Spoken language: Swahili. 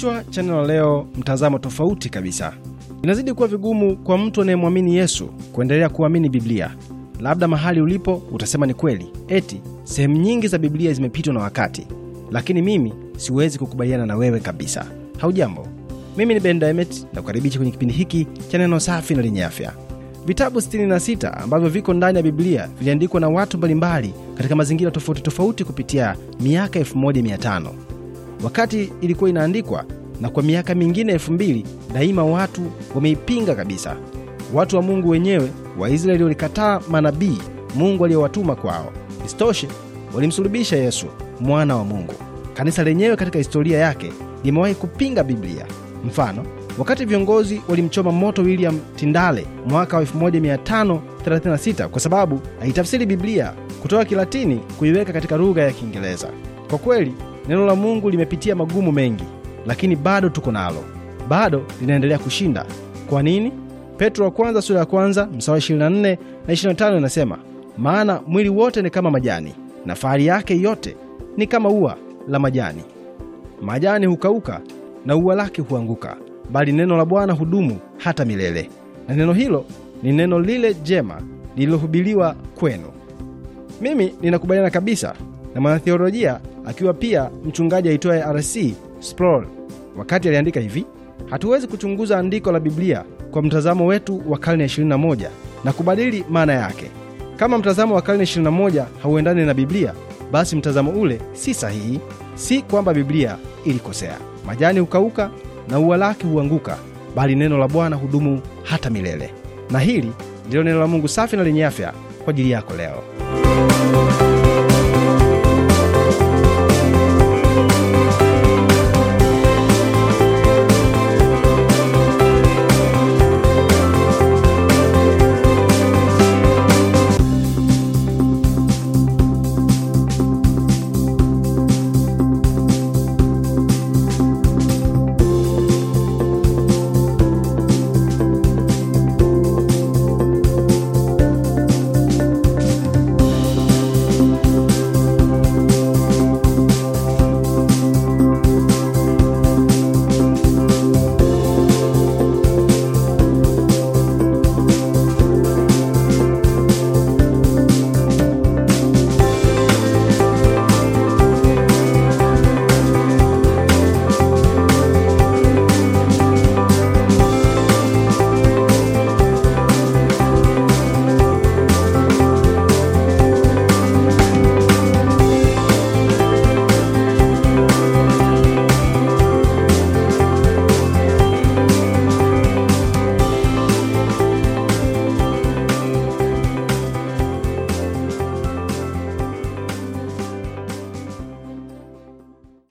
Kichwa cha neno leo, mtazamo tofauti kabisa. Inazidi kuwa vigumu kwa mtu anayemwamini Yesu kuendelea kuamini Biblia. Labda mahali ulipo utasema ni kweli, eti sehemu nyingi za Biblia zimepitwa na wakati, lakini mimi siwezi kukubaliana na wewe kabisa. Haujambo, mimi ni bendamet na kukaribisha kwenye kipindi hiki cha neno safi na lenye afya. Vitabu 66 ambavyo viko ndani ya Biblia viliandikwa na watu mbalimbali katika mazingira tofauti tofauti kupitia miaka 1500 wakati ilikuwa inaandikwa, na kwa miaka mingine elfu mbili daima watu wameipinga kabisa. Watu wa Mungu wenyewe, Waisraeli walikataa manabii Mungu aliyowatuma kwao. Isitoshe, walimsulubisha Yesu mwana wa Mungu. Kanisa lenyewe katika historia yake limewahi kupinga Biblia. Mfano, wakati viongozi walimchoma moto William Tindale mwaka wa 1536 kwa sababu alitafsiri Biblia kutoka Kilatini kuiweka katika lugha ya Kiingereza. Kwa kweli Neno la Mungu limepitia magumu mengi, lakini bado tuko nalo, bado linaendelea kushinda. Kwa nini? Petro wa kwanza sura ya kwanza mstari 24 na 25 inasema, maana mwili wote ni kama majani na fahari yake yote ni kama ua la majani. Majani hukauka na ua lake huanguka, bali neno la Bwana hudumu hata milele. Na neno hilo ni neno lile jema lililohubiliwa kwenu. Mimi ninakubaliana kabisa na mwanatheolojia akiwa pia mchungaji aitwaye RC Sproul, wakati aliandika hivi: hatuwezi kuchunguza andiko la Biblia kwa mtazamo wetu wa karne ya 21 na kubadili maana yake. Kama mtazamo wa karne 21 hauendani na Biblia, basi mtazamo ule si sahihi. Si kwamba Biblia ilikosea, majani hukauka na ua lake huanguka, bali neno la Bwana hudumu hata milele. Na hili ndilo neno la Mungu safi na lenye afya kwa ajili yako leo.